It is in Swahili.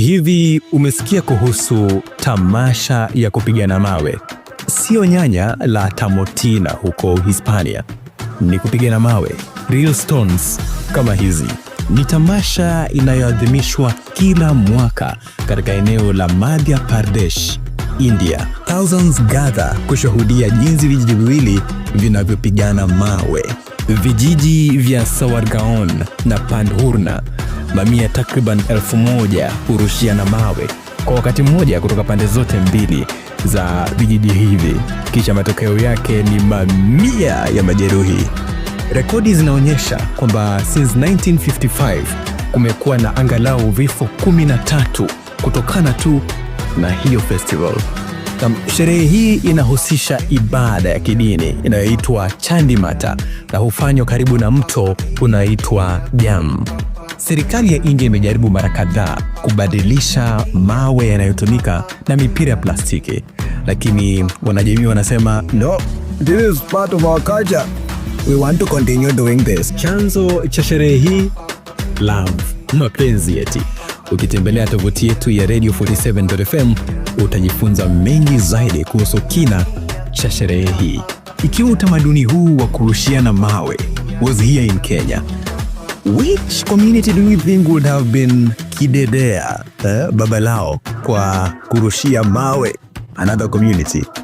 Hivi umesikia kuhusu tamasha ya kupigana mawe? Sio nyanya la Tamotina huko Hispania, ni kupigana mawe, real stones kama hizi. Ni tamasha inayoadhimishwa kila mwaka katika eneo la Madhya Pradesh, India. Thousands gather kushuhudia jinsi vijiji viwili vinavyopigana mawe, vijiji vya Sawargaon na Pandhurna mamia takriban elfu moja hurushiana mawe kwa wakati mmoja kutoka pande zote mbili za vijiji hivi, kisha matokeo yake ni mamia ya majeruhi. Rekodi zinaonyesha kwamba since 1955 kumekuwa na angalau vifo 13 kutokana tu na hiyo festival. Sherehe hii inahusisha ibada ya kidini inayoitwa Chandimata na hufanywa karibu na mto unaitwa Jam. Serikali ya India imejaribu mara kadhaa kubadilisha mawe yanayotumika na mipira ya plastiki, lakini wanajamii wanasema no, this is part of our culture. We want to continue doing this. Chanzo cha sherehe hii love, mapenzi yeti Ukitembelea tovuti yetu ya Radio 47.fm utajifunza mengi zaidi kuhusu kina cha sherehe hii, ikiwa utamaduni huu wa kurushiana mawe was here in Kenya Which community do you think would have been kidedea eh, babalao kwa kurushia mawe another community?